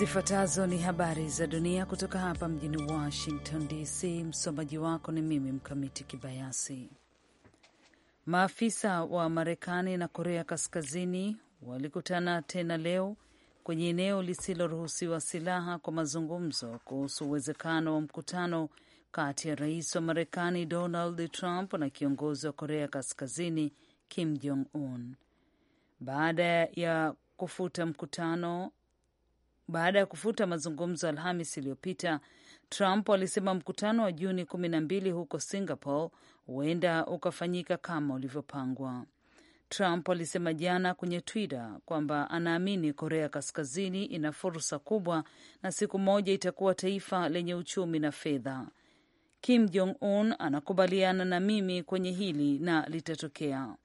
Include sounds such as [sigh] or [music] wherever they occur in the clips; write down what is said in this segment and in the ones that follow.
Zifuatazo ni habari za dunia kutoka hapa mjini Washington DC. Msomaji wako ni mimi Mkamiti Kibayasi. Maafisa wa Marekani na Korea Kaskazini walikutana tena leo kwenye eneo lisiloruhusiwa silaha kwa mazungumzo kuhusu uwezekano wa mkutano kati ya rais wa Marekani Donald Trump na kiongozi wa Korea Kaskazini Kim Jong Un baada ya kufuta mkutano baada ya kufuta mazungumzo Alhamis iliyopita. Trump alisema mkutano wa Juni kumi na mbili huko Singapore huenda ukafanyika kama ulivyopangwa. Trump alisema jana kwenye Twitter kwamba anaamini Korea Kaskazini ina fursa kubwa na siku moja itakuwa taifa lenye uchumi na fedha. Kim Jong Un anakubaliana na mimi kwenye hili na litatokea.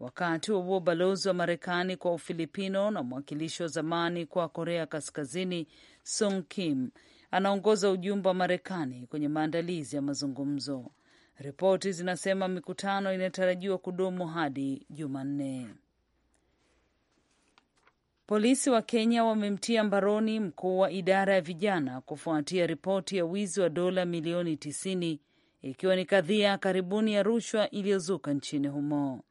Wakati huo balozi wa Marekani kwa Ufilipino na mwakilishi wa zamani kwa Korea Kaskazini Sung Kim anaongoza ujumbe wa Marekani kwenye maandalizi ya mazungumzo. Ripoti zinasema mikutano inatarajiwa kudumu hadi Jumanne. Polisi wa Kenya wamemtia mbaroni mkuu wa idara ya vijana kufuatia ripoti ya wizi wa dola milioni tisini ikiwa ni kadhia karibuni ya rushwa iliyozuka nchini humo.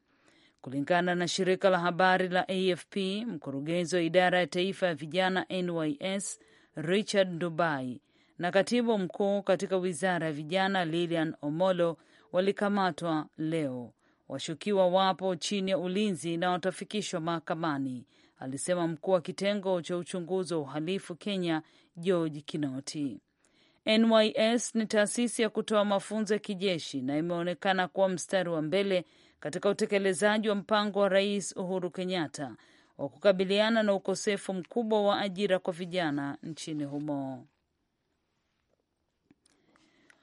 Kulingana na shirika la habari la AFP, mkurugenzi wa idara ya taifa ya vijana NYS Richard Ndubai na katibu mkuu katika wizara ya vijana Lilian Omolo walikamatwa leo. Washukiwa wapo chini ya ulinzi na watafikishwa mahakamani, alisema mkuu wa kitengo cha uchunguzi wa uhalifu Kenya, George Kinoti. NYS ni taasisi ya kutoa mafunzo ya kijeshi na imeonekana kuwa mstari wa mbele katika utekelezaji wa mpango wa Rais Uhuru Kenyatta wa kukabiliana na ukosefu mkubwa wa ajira kwa vijana nchini humo.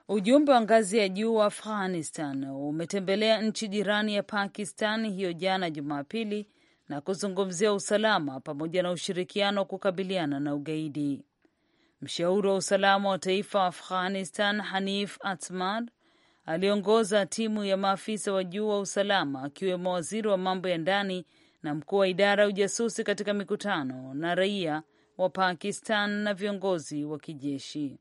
Ujumbe wa ngazi ya juu wa Afghanistan umetembelea nchi jirani ya Pakistan hiyo jana Jumapili na kuzungumzia usalama pamoja na ushirikiano wa kukabiliana na ugaidi. Mshauri wa usalama wa taifa wa Afghanistan Hanif Atmar aliongoza timu ya maafisa wa juu wa usalama akiwemo waziri wa mambo ya ndani na mkuu wa idara ya ujasusi katika mikutano na raia wa Pakistan na viongozi wa kijeshi.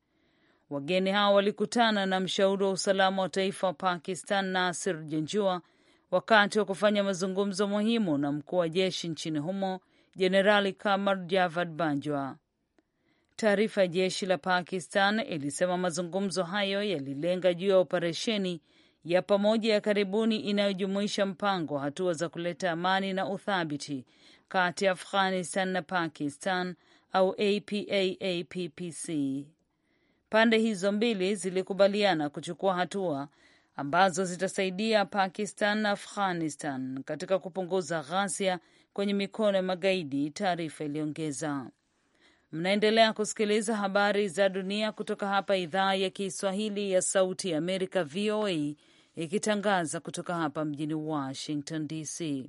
Wageni hao walikutana na mshauri wa usalama wa taifa wa Pakistan Nasir Janjua wakati wa kufanya mazungumzo muhimu na mkuu wa jeshi nchini humo Jenerali Kamar Javad Bajwa. Taarifa ya jeshi la Pakistan ilisema mazungumzo hayo yalilenga juu ya operesheni ya pamoja ya karibuni inayojumuisha mpango wa hatua za kuleta amani na uthabiti kati ya Afghanistan na Pakistan au APAAPPC. Pande hizo mbili zilikubaliana kuchukua hatua ambazo zitasaidia Pakistan na Afghanistan katika kupunguza ghasia kwenye mikono ya magaidi, taarifa iliongeza. Mnaendelea kusikiliza habari za dunia kutoka hapa idhaa ya Kiswahili ya Sauti ya Amerika, VOA, ikitangaza kutoka hapa mjini Washington DC.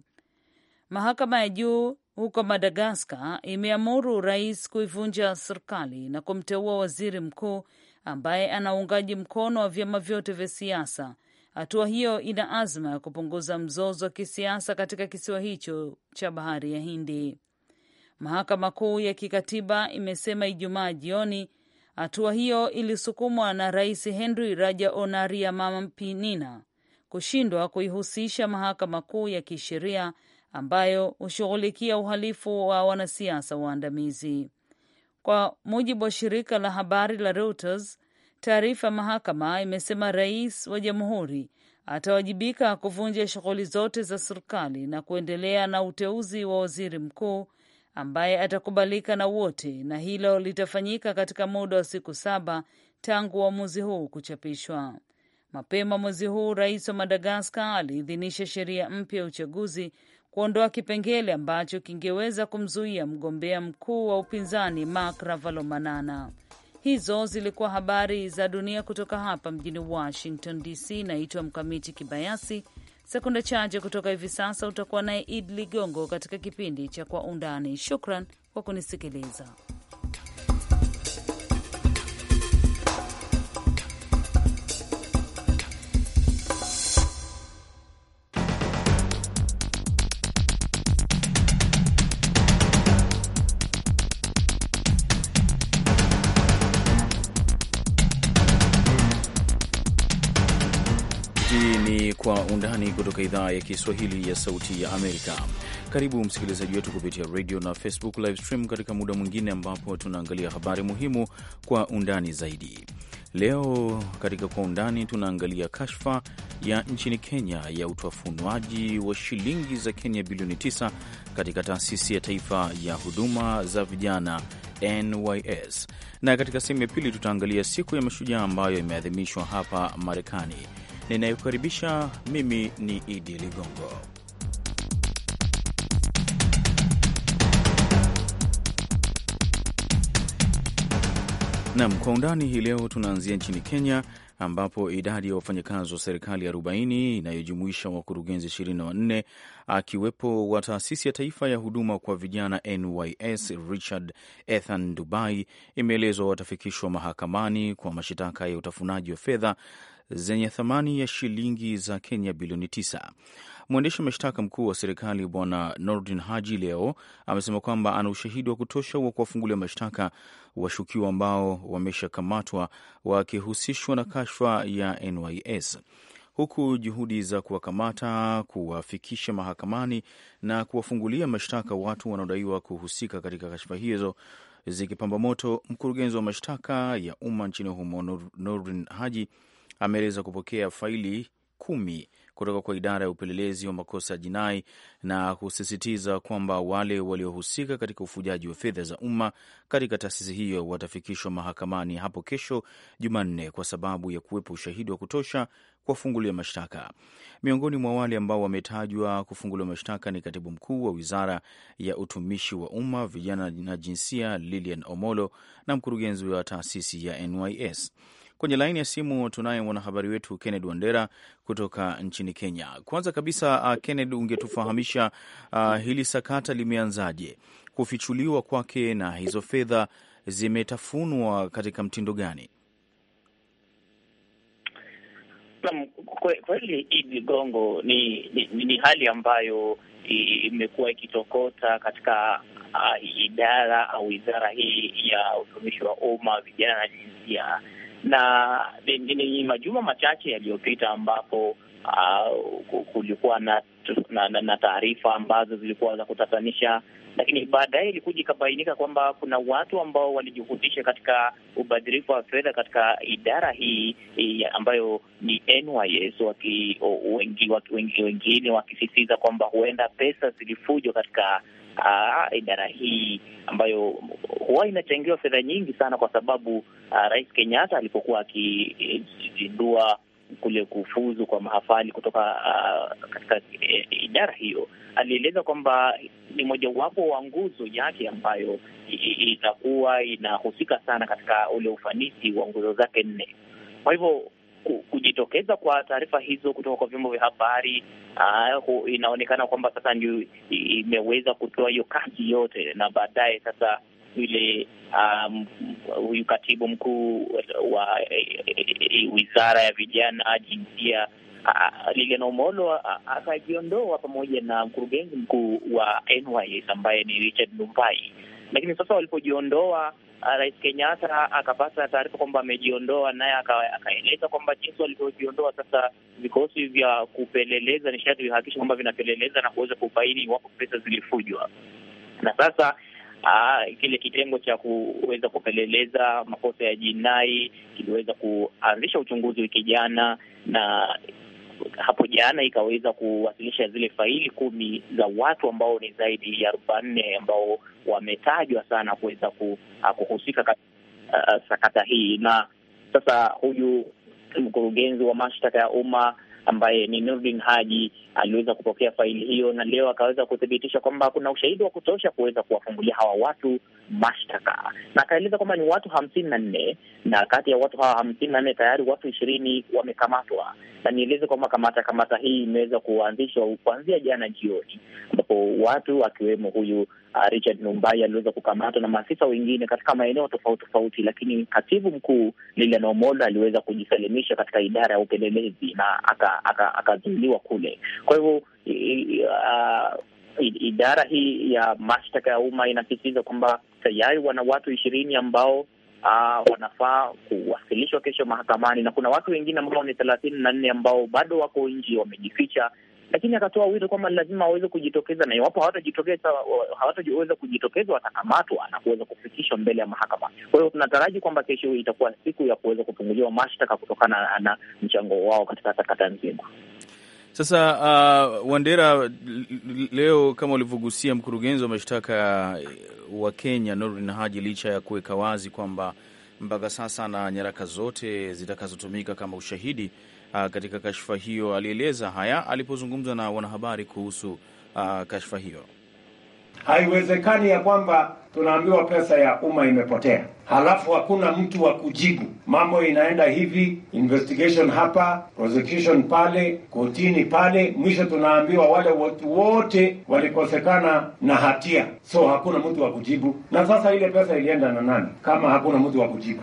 Mahakama ya juu huko Madagaskar imeamuru rais kuivunja serikali na kumteua waziri mkuu ambaye ana uungaji mkono wa vyama vyote vya siasa. Hatua hiyo ina azma ya kupunguza mzozo wa kisiasa katika kisiwa hicho cha bahari ya Hindi. Mahakama Kuu ya Kikatiba imesema Ijumaa jioni hatua hiyo ilisukumwa na Rais Henry Rajaonarimampianina kushindwa kuihusisha Mahakama Kuu ya Kisheria ambayo hushughulikia uhalifu wa wanasiasa waandamizi. Kwa mujibu wa shirika la habari la Reuters, taarifa ya mahakama imesema rais wa jamhuri atawajibika kuvunja shughuli zote za serikali na kuendelea na uteuzi wa waziri mkuu ambaye atakubalika na wote, na hilo litafanyika katika muda wa siku saba tangu uamuzi huu kuchapishwa. Mapema mwezi huu, rais wa Madagaskar aliidhinisha sheria mpya ya uchaguzi kuondoa kipengele ambacho kingeweza kumzuia mgombea mkuu wa upinzani Marc Ravalomanana. Hizo zilikuwa habari za dunia kutoka hapa mjini Washington DC. Naitwa Mkamiti Kibayasi. Sekunde chache kutoka hivi sasa utakuwa naye Id Ligongo katika kipindi cha Kwa Undani. Shukran kwa kunisikiliza. kutoka idhaa ya Kiswahili ya Sauti ya Amerika. Karibu msikilizaji wetu kupitia radio na Facebook live stream katika muda mwingine ambapo tunaangalia habari muhimu kwa undani zaidi. Leo katika kwa undani tunaangalia kashfa ya nchini Kenya ya utafunwaji wa shilingi za Kenya bilioni 9 katika taasisi ya taifa ya huduma za vijana NYS, na katika sehemu ya pili tutaangalia siku ya mashujaa ambayo imeadhimishwa hapa Marekani ninayekukaribisha mimi ni Idi Ligongo. Nam kwa undani hii leo tunaanzia nchini Kenya ambapo idadi ya wafanyakazi wa serikali 40 inayojumuisha wakurugenzi 24 akiwepo wa taasisi ya taifa ya huduma kwa vijana NYS Richard Ethan Dubai imeelezwa watafikishwa mahakamani kwa mashitaka ya utafunaji wa fedha zenye thamani ya shilingi za Kenya bilioni 9. Mwendesha mashtaka mkuu wa serikali Bwana Nordin Haji leo amesema kwamba ana ushahidi wa kutosha wa kuwafungulia mashtaka washukiwa ambao wameshakamatwa wakihusishwa na kashfa ya NYS huku juhudi za kuwakamata, kuwafikisha mahakamani na kuwafungulia mashtaka watu wanaodaiwa kuhusika katika kashfa hizo zikipamba moto. Mkurugenzi wa mashtaka ya umma nchini humo Nordin Haji ameeleza kupokea faili kumi kutoka kwa idara ya upelelezi wa makosa ya jinai na kusisitiza kwamba wale waliohusika katika ufujaji wa fedha za umma katika taasisi hiyo watafikishwa mahakamani hapo kesho Jumanne kwa sababu ya kuwepo ushahidi wa kutosha kuwafungulia mashtaka. Miongoni mwa wale ambao wametajwa kufunguliwa mashtaka ni katibu mkuu wa wizara ya utumishi wa umma, vijana na jinsia, Lilian Omolo na mkurugenzi wa taasisi ya NYS. Kwenye laini ya simu tunaye mwanahabari wetu kenned Wandera kutoka nchini Kenya. Kwanza kabisa uh, Kenneth, ungetufahamisha uh, hili sakata limeanzaje? Kufichuliwa kwake na hizo fedha zimetafunwa katika mtindo gani? Kweli hii migongo ni, ni, ni hali ambayo imekuwa ikitokota katika uh, idara au wizara hii ya utumishi wa umma, vijana na jinsia na ni majuma machache yaliyopita ambapo uh, kulikuwa na, na, na, na taarifa ambazo zilikuwa za kutatanisha, lakini baadaye ilikuja ikabainika kwamba kuna watu ambao walijihusisha katika ubadhirifu wa fedha katika idara hii, ambayo ni NYS, waki, wengi, wengine wakisisitiza kwamba huenda pesa zilifujwa katika uh, idara hii ambayo huwa inachangiwa fedha nyingi sana, kwa sababu uh, Rais Kenyatta alipokuwa akizindua kule kufuzu kwa mahafali kutoka uh, katika eh, idara hiyo, alieleza kwamba ni mojawapo wa nguzo yake ambayo itakuwa inahusika sana katika ule ufanisi wa nguzo zake nne. Kwa hivyo kujitokeza kwa taarifa hizo kutoka kwa vyombo vya habari uh, inaonekana kwamba sasa ndio imeweza kutoa hiyo kazi yote, na baadaye sasa yule ah, huyu um, katibu mkuu wa e, e, wizara ya vijana, jinsia ah, Lilian Omolo akajiondoa pamoja na mkurugenzi mkuu wa NYS ambaye ni Richard Lumbai, lakini sasa walipojiondoa Uh, Rais Kenyatta akapata taarifa kwamba amejiondoa, naye akaeleza kwamba jinsi walivyojiondoa, sasa vikosi vya kupeleleza ni sharti vihakikisha kwamba vinapeleleza na kuweza kubaini iwapo pesa zilifujwa, na sasa Ah, kile kitengo cha kuweza kupeleleza makosa ya jinai kiliweza kuanzisha uchunguzi wiki jana, na hapo jana ikaweza kuwasilisha zile faili kumi za watu ambao ni zaidi ya arobanne ambao wametajwa sana kuweza ah, kuhusika uh, sakata hii. Na sasa huyu mkurugenzi wa mashtaka ya umma ambaye ni Nurdin Haji aliweza kupokea faili hiyo, na leo akaweza kuthibitisha kwamba kuna ushahidi wa kutosha kuweza kuwafungulia hawa watu mashtaka, na akaeleza kwamba ni watu hamsini na nne na kati ya watu hawa hamsini na nne tayari watu ishirini wamekamatwa, na nieleze kwamba kamata kamata hii imeweza kuanzishwa kuanzia jana jioni, ambapo watu akiwemo huyu uh, Richard Numbai aliweza kukamatwa na maafisa wengine katika maeneo tofauti tofauti, lakini katibu mkuu Lilian Omolo aliweza kujisalimisha katika idara ya upelelezi na akazuiliwa aka, aka kule. Kwa hivyo uh, idara hii ya mashtaka ya umma inasisitiza kwamba tayari wana watu ishirini ambao Uh, wanafaa kuwasilishwa kesho mahakamani na kuna watu wengine ambao ni thelathini na nne ambao bado wako nje wamejificha, lakini akatoa wito kwamba lazima waweze kujitokeza, na iwapo hawatajitokeza, hawataweza kujitokeza watakamatwa na kuweza kufikishwa mbele ya mahakama. Kwa hiyo tunataraji kwamba kesho itakuwa siku ya kuweza kufunguliwa mashtaka kutokana na, na mchango wao katika sakata nzima. Sasa uh, Wandera, leo kama ulivyogusia, mkurugenzi wa mashtaka uh, wa Kenya norin Haji, licha ya kuweka wazi kwamba mpaka sasa na nyaraka zote zitakazotumika kama ushahidi uh, katika kashfa hiyo. Alieleza haya alipozungumza na wanahabari kuhusu uh, kashfa hiyo. Haiwezekani ya kwamba tunaambiwa pesa ya umma imepotea, halafu hakuna mtu wa kujibu. Mambo inaenda hivi, investigation hapa, prosecution pale, kotini pale, mwisho tunaambiwa wale watu wote walikosekana na hatia, so hakuna mtu wa kujibu. Na sasa ile pesa ilienda na nani kama hakuna mtu wa kujibu?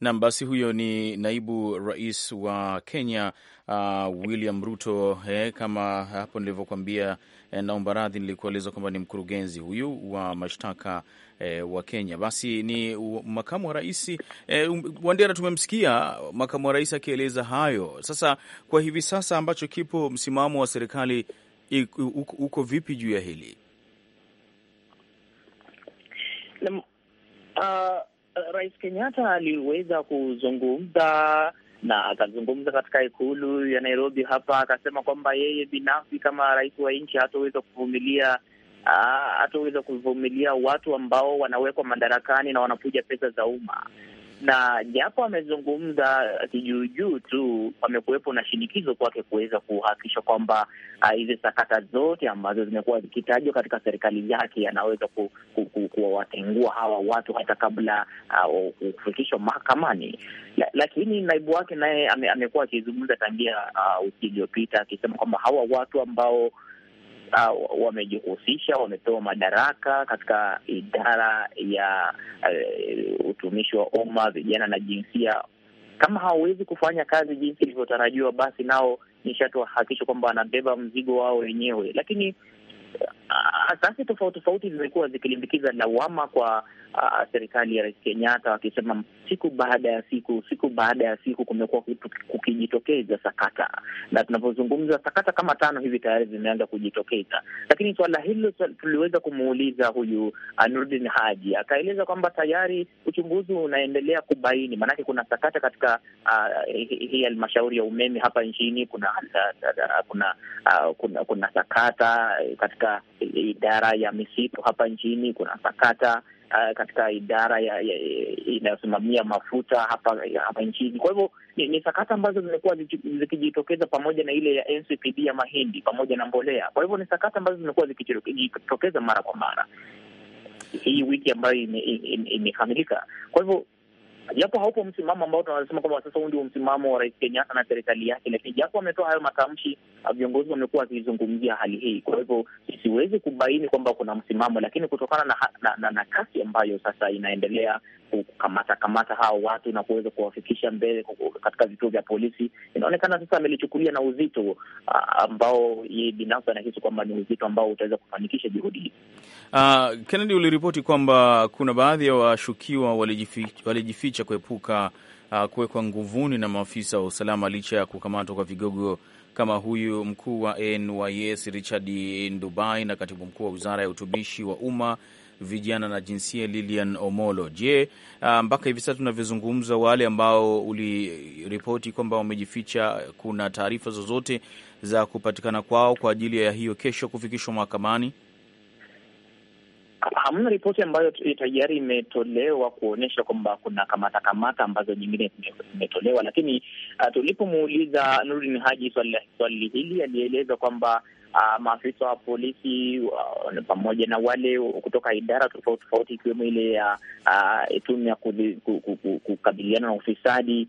Nam, basi huyo ni naibu rais wa Kenya uh, William Ruto. Eh, kama hapo nilivyokuambia, eh, naomba radhi, nilikueleza kwamba ni mkurugenzi huyu wa mashtaka eh, wa Kenya. Basi ni makamu wa rais eh, um, Wandera, tumemsikia makamu wa rais akieleza hayo. Sasa kwa hivi sasa ambacho kipo, msimamo wa serikali uko, vipi juu ya hili? Uh, Eh, rais Kenyatta aliweza kuzungumza na akazungumza katika ikulu ya Nairobi hapa, akasema kwamba yeye binafsi kama rais wa nchi hataweza kuvumilia ah, hataweza kuvumilia watu ambao wanawekwa madarakani na wanapuja pesa za umma na japo amezungumza kijuujuu tu, amekuwepo na shinikizo kwake kuweza kuhakikisha kwamba ah, hizi sakata zote ambazo zimekuwa zikitajwa katika serikali yake anaweza kuwatengua ku, ku, hawa watu hata kabla uh, kufikishwa mahakamani. La, lakini naibu wake naye amekuwa akizungumza tangia uh, wiki iliyopita akisema kwamba hawa watu ambao uh, wamejihusisha, wamepewa madaraka katika idara ya uh, utumishi wa umma, vijana na jinsia. Kama hawawezi kufanya kazi jinsi ilivyotarajiwa, basi nao nishatu wahakikisha kwamba wanabeba mzigo wao wenyewe, lakini uh, asasi tofauti tofauti zimekuwa zikilimbikiza lawama kwa uh, serikali ya Rais Kenyatta wakisema siku baada ya siku, siku baada ya siku kumekuwa kukijitokeza sakata, na tunavyozungumza sakata kama tano hivi tayari zimeanza kujitokeza. Lakini swala hilo tuliweza kumuuliza huyu uh, Nurdin Haji akaeleza kwamba tayari uchunguzi unaendelea kubaini, maanake kuna sakata katika uh, hii halmashauri ya umeme hapa nchini. Kuna uh, kuna, uh, kuna kuna sakata katika idara ya misitu hapa nchini, kuna sakata uh, katika idara inayosimamia mafuta hapa hapa nchini. Kwa hivyo ni, ni sakata ambazo zimekuwa zikijitokeza pamoja na ile ya NCPD ya mahindi pamoja na mbolea. Kwa hivyo ni sakata ambazo zimekuwa zikijitokeza mara kwa mara hii wiki ambayo imekamilika. Kwa hivyo japo haupo msimamo ambao tunasema kwamba sasa huu ndio msimamo wa Rais Kenyatta na serikali yake, lakini japo ametoa hayo matamshi, ah, viongozi wamekuwa wakizungumzia hali hii. Kwa hivyo sisiwezi kubaini kwamba kuna msimamo, lakini kutokana na, na, na, na kasi ambayo sasa inaendelea kukamata kamata hao watu na kuweza kuwafikisha mbele katika vituo vya polisi, inaonekana sasa amelichukulia na uzito uh, ambao yeye binafsi anahisi kwamba ni uzito ambao utaweza kufanikisha juhudi hii. Uh, Kennedy, uliripoti kwamba kuna baadhi ya wa washukiwa walijificha, walijificha kuepuka uh, kuwekwa nguvuni na maafisa wa usalama licha ya kukamatwa kwa vigogo kama huyu mkuu wa NYS Richard Ndubai na katibu mkuu wa wizara ya utumishi wa umma vijana na jinsia Lilian Omolo. Je, ah, mpaka hivi sasa tunavyozungumza, wale ambao uliripoti kwamba wamejificha, kuna taarifa zozote za kupatikana kwao kwa ajili ya hiyo kesho kufikishwa mahakamani? Hamna ripoti ambayo tayari imetolewa kuonyesha kwamba kuna kamata kamata ambazo nyingine zimetolewa, lakini uh, tulipomuuliza Nurdin Haji swali hili, alieleza kwamba uh, maafisa wa polisi uh, pamoja na wale kutoka idara tofauti tofauti ikiwemo ile ya uh, uh, tume ya kukabiliana na ufisadi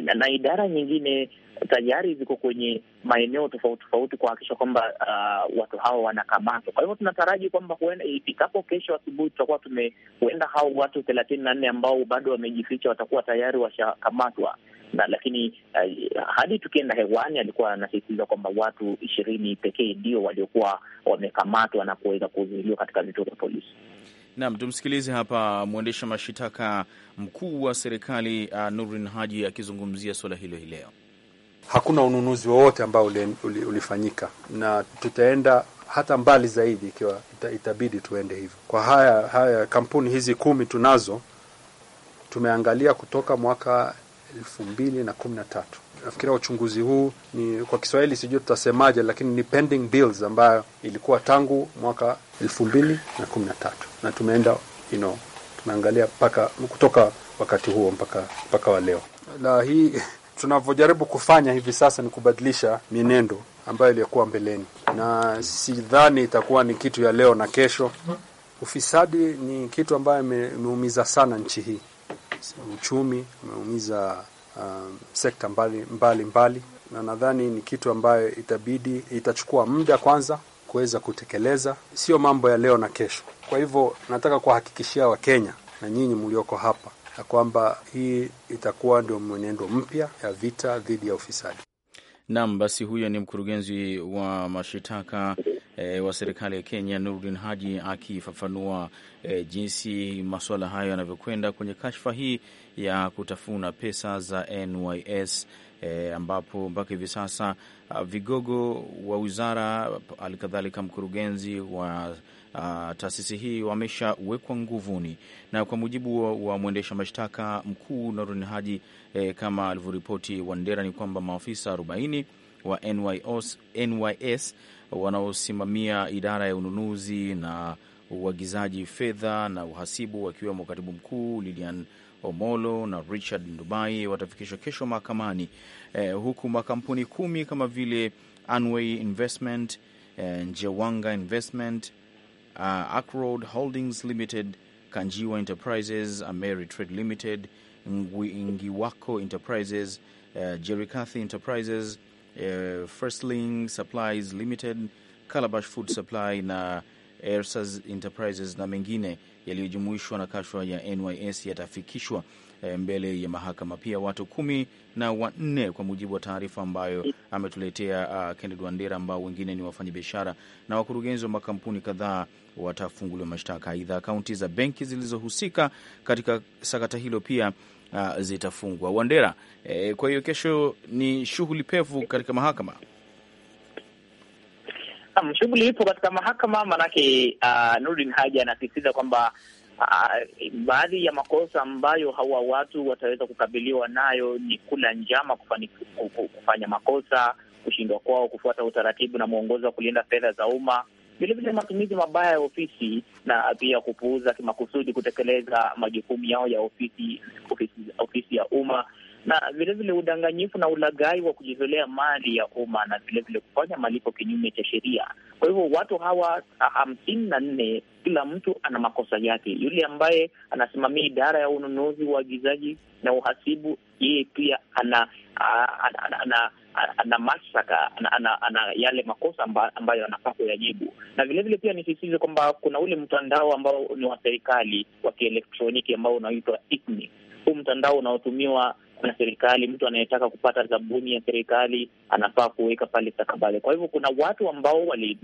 na, na idara nyingine tayari ziko kwenye maeneo tofauti tofauti kuhakikisha kwamba uh, watu hao wanakamatwa. Kwa hivyo tunataraji kwamba ifikapo kesho asubuhi tutakuwa tumehuenda hao watu thelathini na nne ambao bado wamejificha watakuwa tayari washakamatwa na lakini uh, hadi tukienda hewani alikuwa anasisitiza kwamba watu ishirini pekee ndio waliokuwa wamekamatwa na kuweza kuzuiliwa katika vituo vya polisi nam tumsikilize hapa mwendesha mashitaka mkuu wa serikali uh, Nurin Haji akizungumzia suala hilo hii leo. Hakuna ununuzi wowote ambao ulifanyika na tutaenda hata mbali zaidi ikiwa ita, itabidi tuende hivyo. Kwa haya haya kampuni hizi kumi tunazo, tumeangalia kutoka mwaka elfu mbili na kumi na tatu. Nafikiria uchunguzi huu ni kwa Kiswahili sijui tutasemaje, lakini ni pending bills ambayo ilikuwa tangu mwaka elfu mbili na kumi na tatu na tumeenda you know, tunaangalia paka, kutoka wakati huo mpaka mpaka wa leo. La, hii [laughs] tunavyojaribu kufanya hivi sasa ni kubadilisha mienendo ambayo iliyokuwa mbeleni, na sidhani itakuwa ni kitu ya leo na kesho. Ufisadi ni kitu ambayo imeumiza sana nchi hii, uchumi umeumiza um, sekta mbali mbali, mbali na nadhani ni kitu ambayo itabidi itachukua muda kwanza kuweza kutekeleza, sio mambo ya leo na kesho. Kwa hivyo nataka kuwahakikishia Wakenya na nyinyi mlioko hapa ya kwamba hii itakuwa ndio mwenendo mpya ya vita dhidi ya ufisadi. Naam, basi huyo ni mkurugenzi wa mashitaka e, wa serikali ya Kenya Nurdin Haji akifafanua e, jinsi masuala hayo yanavyokwenda kwenye kashfa hii ya kutafuna pesa za NYS e, ambapo mpaka hivi sasa a, vigogo wa wizara halikadhalika mkurugenzi wa Uh, taasisi hii wameshawekwa nguvuni na kwa mujibu wa, wa mwendesha mashtaka mkuu Noordin Haji eh, kama alivyoripoti Wandera ni kwamba maafisa 40 wa NYOS, NYS wanaosimamia idara ya ununuzi na uagizaji fedha na uhasibu wakiwemo katibu mkuu Lilian Omolo na Richard Ndubai watafikishwa kesho mahakamani eh, huku makampuni kumi kama vile Anway Investment eh, Njewanga Investment uh, Acroad Holdings Limited, Kanjiwa Enterprises, Ameri Trade Limited, Ngiwako Enterprises, uh, eh, Jerikathi Enterprises, uh, eh, Firstling Supplies Limited, Calabash Food Supply na Ersas Enterprises na mengine yaliyojumuishwa na kashwa ya NYS yatafikishwa eh, mbele ya mahakama. Pia watu kumi na wanne kwa mujibu wa taarifa ambayo ametuletea uh, Kennedy Wandera, ambao wengine ni wafanyabiashara na wakurugenzi wa makampuni kadhaa watafunguliwa mashtaka. Aidha, akaunti za benki zilizohusika katika sakata hilo pia uh, zitafungwa. Wandera, eh, kwa hiyo kesho ni shughuli pevu katika mahakama. Naam, shughuli ipo katika mahakama, maanake uh, ah, Nurdin Haji anasisitiza kwamba uh, baadhi ya makosa ambayo hawa watu wataweza kukabiliwa nayo ni kula njama, kufani, kufanya makosa, kushindwa kwao kufuata utaratibu na mwongozo wa kulinda fedha za umma vilevile matumizi mabaya ya ofisi na pia kupuuza kimakusudi kutekeleza majukumu yao ya ofisi ofisi, ofisi ya umma na vilevile udanganyifu na ulaghai wa kujizolea mali ya umma na vilevile kufanya malipo kinyume cha sheria. Kwa hivyo watu hawa hamsini na nne, kila mtu ana makosa yake. Yule ambaye anasimamia idara ya ununuzi, uagizaji na uhasibu, yeye pia ana ana, ana, ana, ana mashtaka ana, ana, ana yale makosa ambayo anapaa kuyajibu. Na vilevile pia nisisitize kwamba kuna ule mtandao ambao ni wa serikali wa kielektroniki ambao unaitwa ICMI. Huu mtandao unaotumiwa na serikali. Mtu anayetaka kupata zabuni ya serikali anafaa kuweka pale stakabadhi. Kwa hivyo kuna watu ambao wali,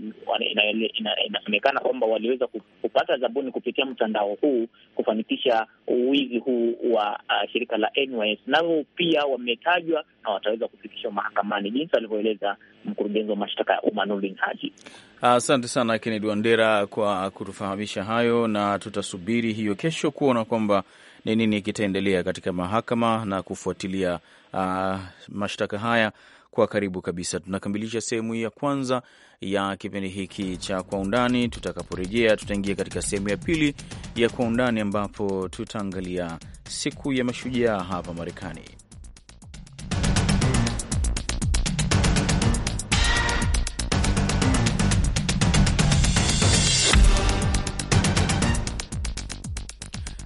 inasemekana kwamba waliweza kupata zabuni kupitia mtandao huu kufanikisha uwizi huu wa uh, shirika la NYS, nao pia wametajwa na wataweza kufikishwa mahakamani jinsi alivyoeleza mkurugenzi wa mashtaka ya umma Haji. Asante uh, sana Kennedy Wandera kwa kutufahamisha hayo, na tutasubiri hiyo kesho kuona kwamba ni nini kitaendelea katika mahakama na kufuatilia uh, mashtaka haya kwa karibu kabisa. Tunakamilisha sehemu ya kwanza ya kipindi hiki cha Kwa Undani. Tutakaporejea tutaingia katika sehemu ya pili ya Kwa Undani, ambapo tutaangalia siku ya mashujaa hapa Marekani.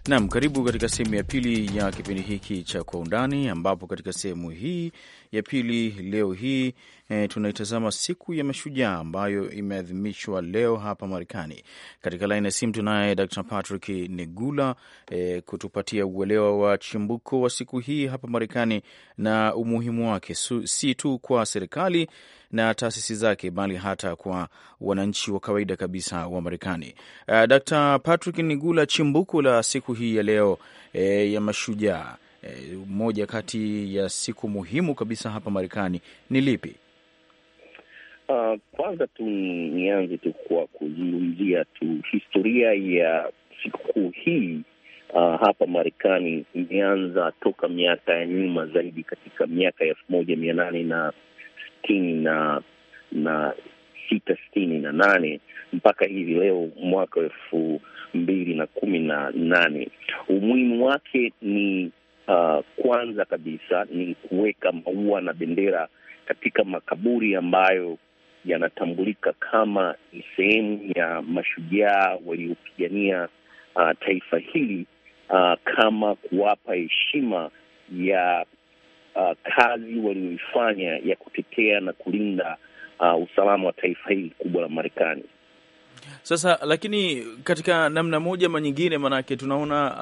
Naam, karibu katika sehemu ya pili ya kipindi hiki cha Kwa Undani, ambapo katika sehemu hii ya pili leo hii e, tunaitazama siku ya mashujaa ambayo imeadhimishwa leo hapa Marekani. Katika laini ya simu tunaye Dr. Patrick Negula e, kutupatia uelewa wa chimbuko wa siku hii hapa Marekani na umuhimu wake si tu kwa serikali na taasisi zake bali hata kwa wananchi wa kawaida kabisa wa Marekani. Uh, Dr. Patrick Nigula, chimbuko la siku hii ya leo eh, ya mashujaa e, moja kati ya siku muhimu kabisa hapa Marekani ni lipi? Uh, kwanza tu nianze tu kwa kuzungumzia tu historia ya sikukuu hii uh, hapa Marekani imeanza toka miaka ya nyuma zaidi, katika miaka ya elfu moja mia nane na sitini na na sita sitini na nane mpaka hivi leo mwaka elfu mbili na kumi na nane. Umuhimu wake ni uh, kwanza kabisa ni kuweka maua na bendera katika makaburi ambayo yanatambulika kama ni sehemu ya mashujaa waliopigania uh, taifa hili uh, kama kuwapa heshima ya uh, kazi walioifanya ya kutetea na kulinda uh, usalama wa taifa hili kubwa la Marekani. Sasa lakini katika namna moja ama nyingine, maanake tunaona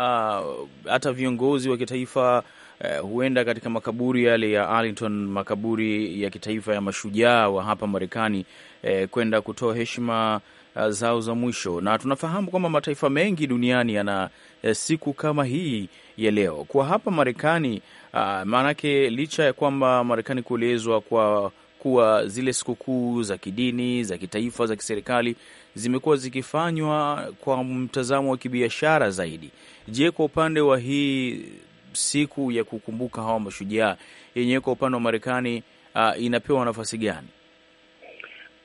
uh, hata uh, viongozi wa kitaifa uh, huenda katika makaburi yale ya Arlington, makaburi ya kitaifa ya mashujaa wa hapa Marekani uh, kwenda kutoa heshima uh, zao za mwisho, na tunafahamu kwamba mataifa mengi duniani yana uh, siku kama hii ya leo. Kwa hapa Marekani uh, maanake licha ya kwamba Marekani kuelezwa kwa kuwa zile sikukuu za kidini, za kitaifa, za kiserikali zimekuwa zikifanywa kwa mtazamo wa kibiashara zaidi. Je, kwa upande wa hii siku ya kukumbuka hawa mashujaa yenyewe kwa upande wa Marekani uh, inapewa nafasi gani?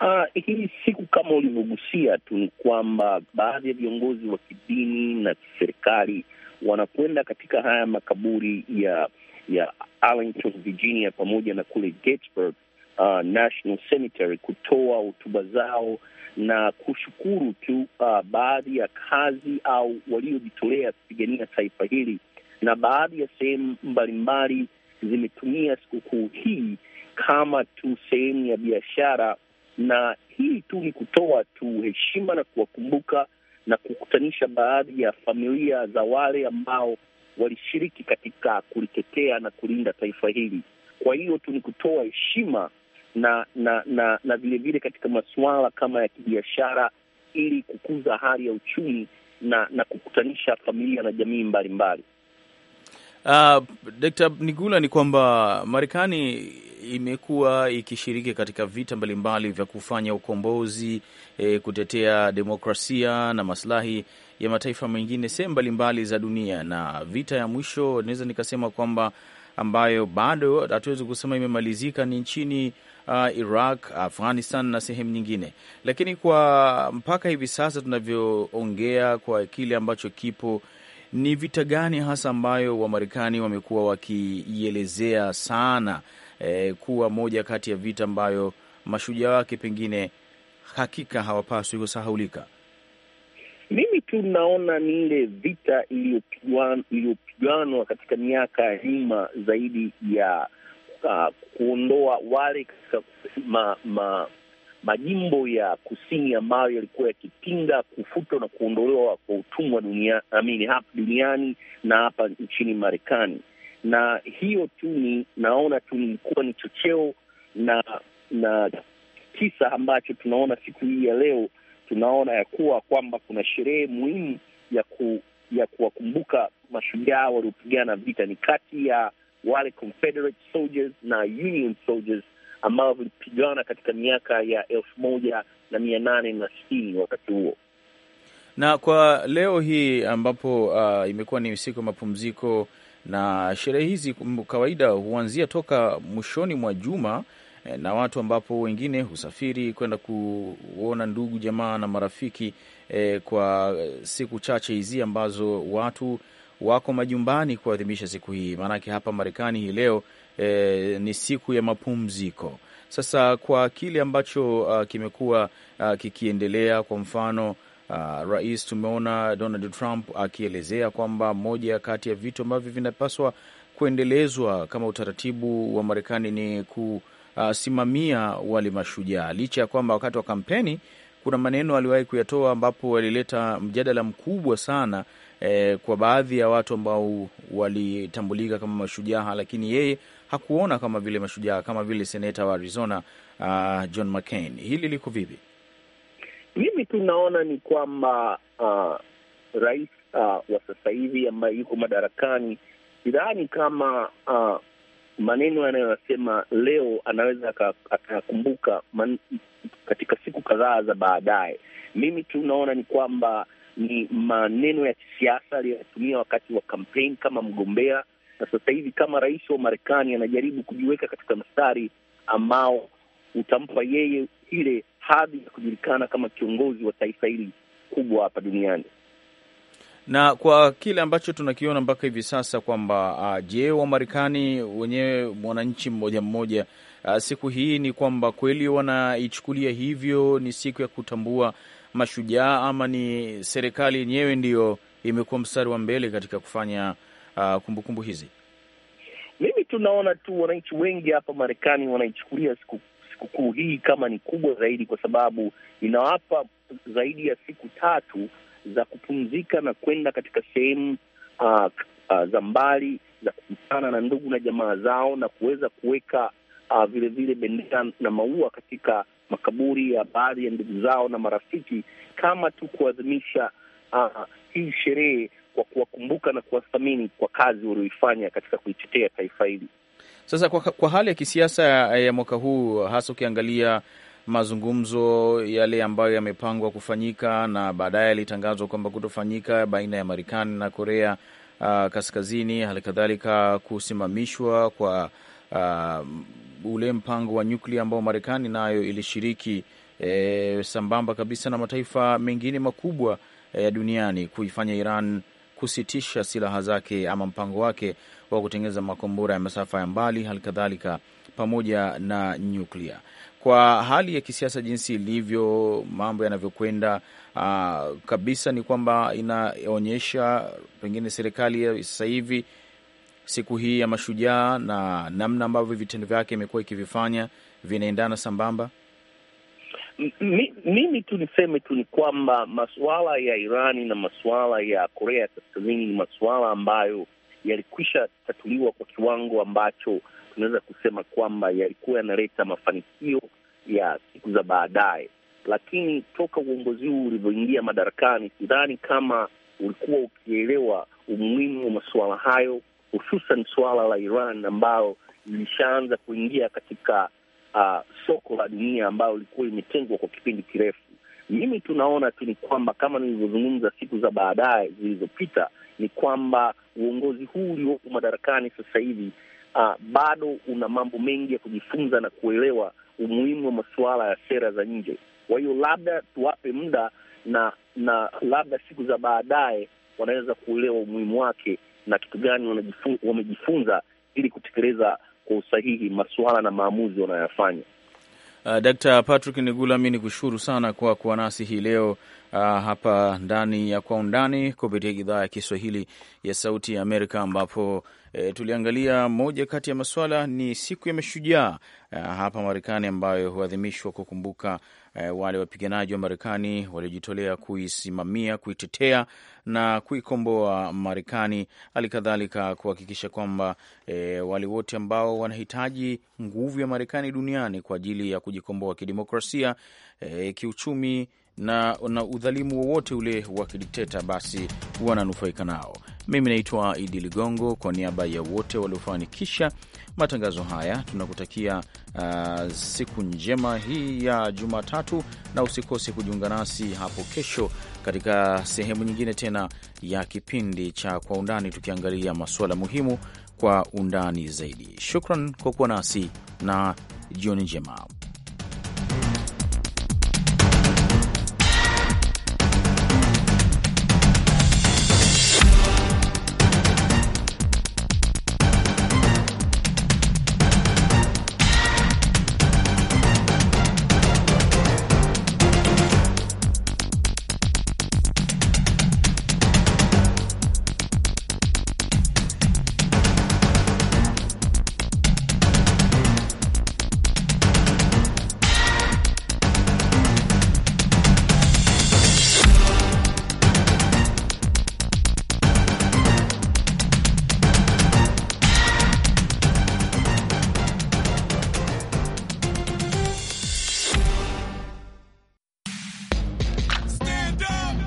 Uh, hii siku kama ulivyogusia tu ni kwamba baadhi ya viongozi wa kidini na kiserikali wanakwenda katika haya makaburi ya ya Arlington, Virginia pamoja na kule Gettysburg uh, National Cemetery kutoa hotuba zao na kushukuru tu uh, baadhi ya kazi au waliojitolea kupigania taifa hili, na baadhi ya sehemu mbalimbali zimetumia sikukuu hii kama tu sehemu ya biashara, na hii tu ni kutoa tu heshima na kuwakumbuka na kukutanisha baadhi ya familia za wale ambao walishiriki katika kulitetea na kulinda taifa hili. Kwa hiyo tu ni kutoa heshima na na na na vilevile katika masuala kama ya kibiashara, ili kukuza hali ya uchumi na na kukutanisha familia na jamii mbalimbali. Uh, ah, Dkt. Nigula, ni kwamba Marekani imekuwa ikishiriki katika vita mbalimbali vya kufanya ukombozi, e, kutetea demokrasia na maslahi ya mataifa mengine sehemu mbalimbali za dunia, na vita ya mwisho naweza nikasema kwamba ambayo bado hatuwezi kusema imemalizika ni nchini uh, Iraq, Afghanistan na sehemu nyingine, lakini kwa mpaka hivi sasa tunavyoongea, kwa kile ambacho kipo ni vita gani hasa ambayo Wamarekani wamekuwa wakiielezea sana eh, kuwa moja kati ya vita ambayo mashujaa wake pengine hakika hawapaswi kusahaulika? Mimi tu naona ni ile vita iliyopiganwa katika miaka ya nyuma zaidi ya uh, kuondoa wale katika ma, ma, majimbo ya kusini ambayo yalikuwa yakipinga kufutwa na kuondolewa kwa utumwa dunia, amini, hapa duniani na hapa nchini Marekani. Na hiyo tu ni naona tu ilikuwa ni chocheo na na kisa ambacho tunaona siku hii ya leo, tunaona ya kuwa kwamba kuna sherehe muhimu ya ku, ya kuwakumbuka mashujaa waliopigana vita, ni kati ya wale Confederate soldiers na Union soldiers ambao vilipigana katika miaka ya elfu moja na mia nane na sitini wakati huo na kwa leo hii ambapo uh, imekuwa ni siku ya mapumziko na sherehe hizi kawaida huanzia toka mwishoni mwa juma eh, na watu ambapo wengine husafiri kwenda kuona ndugu jamaa na marafiki eh, kwa eh, siku chache hizi ambazo watu wako majumbani kuadhimisha siku hii, maanake hapa Marekani hii leo e, ni siku ya mapumziko. Sasa kwa kile ambacho uh, kimekuwa uh, kikiendelea, kwa mfano uh, rais tumeona Donald Trump akielezea kwamba moja kati ya vitu ambavyo vinapaswa kuendelezwa kama utaratibu wa Marekani ni kusimamia wale mashujaa, licha ya kwamba wakati wa kampeni kuna maneno aliwahi kuyatoa ambapo alileta mjadala mkubwa sana e, kwa baadhi ya watu ambao walitambulika kama mashujaa, lakini yeye hakuona kama vile mashujaa kama vile seneta wa Arizona uh, John McCain. Hili liko vipi? Mimi tunaona ni kwamba uh, rais uh, wa sasa hivi ambaye yuko madarakani, sidhani kama uh, maneno yanayosema leo anaweza akakumbuka katika siku kadhaa za baadaye. Mimi tunaona ni kwamba ni maneno ya kisiasa aliyoyatumia wakati wa kampeni kama mgombea, na sasa hivi kama rais wa Marekani anajaribu kujiweka katika mstari ambao utampa yeye ile hadhi ya kujulikana kama kiongozi wa taifa hili kubwa hapa duniani na kwa kile ambacho tunakiona mpaka hivi sasa kwamba uh, je, Wamarekani wenyewe mwananchi mmoja mmoja, uh, siku hii ni kwamba kweli wanaichukulia hivyo? Ni siku ya kutambua mashujaa ama ni serikali yenyewe ndiyo imekuwa mstari wa mbele katika kufanya uh, kumbukumbu uh, kumbu hizi? Mimi tunaona tu wananchi wengi hapa Marekani wanaichukulia sikukuu hii kama ni kubwa zaidi, kwa sababu inawapa zaidi ya siku tatu za kupumzika na kwenda katika sehemu uh, uh, za mbali za kukutana na ndugu na jamaa zao na kuweza kuweka vilevile uh, bendera na maua katika makaburi ya baadhi ya ndugu zao na marafiki, kama tu kuadhimisha uh, hii sherehe kwa kuwakumbuka na kuwathamini kwa kazi walioifanya katika kuitetea taifa hili. Sasa kwa, kwa hali ya kisiasa ya mwaka huu hasa ukiangalia mazungumzo yale ambayo yamepangwa kufanyika na baadaye yalitangazwa kwamba kutofanyika baina ya Marekani na Korea uh, Kaskazini, halikadhalika kusimamishwa kwa uh, ule mpango wa nyuklia ambao Marekani nayo ilishiriki e, sambamba kabisa na mataifa mengine makubwa ya e, duniani kuifanya Iran kusitisha silaha zake ama mpango wake wa kutengeneza makombora ya masafa ya mbali, kadhalika pamoja na nyuklia. Kwa hali ya kisiasa jinsi ilivyo, mambo yanavyokwenda kabisa, ni kwamba inaonyesha pengine serikali sasa hivi siku hii ya mashujaa na namna ambavyo vitendo vyake imekuwa ikivifanya vinaendana sambamba? M mimi tu niseme tu ni kwamba masuala ya Irani na masuala ya Korea ya Kaskazini ni masuala ambayo yalikwisha tatuliwa kwa kiwango ambacho tunaweza kusema kwamba yalikuwa yanaleta mafanikio ya siku za baadaye, lakini toka uongozi huu ulivyoingia madarakani, sidhani kama ulikuwa ukielewa umuhimu wa masuala hayo hususan suala la Iran ambalo lilishaanza kuingia katika uh, soko la dunia ambalo ilikuwa limetengwa kwa kipindi kirefu. Mimi tunaona tu ni kwamba kama nilivyozungumza siku za baadaye zilizopita, ni kwamba uongozi huu uliopo madarakani sasa hivi uh, bado una mambo mengi ya kujifunza na kuelewa umuhimu wa masuala ya sera za nje. Kwa hiyo labda tuwape muda na na labda siku za baadaye wanaweza kuelewa umuhimu wake na kitu gani wamejifunza ili kutekeleza kwa usahihi masuala na maamuzi wanayoyafanya. Uh, Dkt. Patrick Nigula, mi ni kushukuru sana kwa kuwa nasi hii leo uh, hapa ndani ya Kwa Undani kupitia idhaa ya Kiswahili ya Sauti ya Amerika ambapo eh, tuliangalia moja kati ya masuala ni siku ya mashujaa uh, hapa Marekani ambayo huadhimishwa kukumbuka uh, wale wapiganaji wa Marekani waliojitolea kuisimamia, kuitetea na kuikomboa Marekani, hali kadhalika kuhakikisha kwamba uh, wale wote ambao wanahitaji nguvu ya Marekani duniani kwa ajili ya kujikomboa kidemokrasia, uh, kiuchumi na, na udhalimu wowote ule wa kidikteta, basi wananufaika nao. Mimi naitwa Idi Ligongo, kwa niaba ya wote waliofanikisha matangazo haya tunakutakia uh, siku njema hii ya Jumatatu, na usikose kujiunga nasi hapo kesho katika sehemu nyingine tena ya kipindi cha Kwa Undani, tukiangalia masuala muhimu kwa undani zaidi. Shukran kwa kuwa nasi na jioni njema.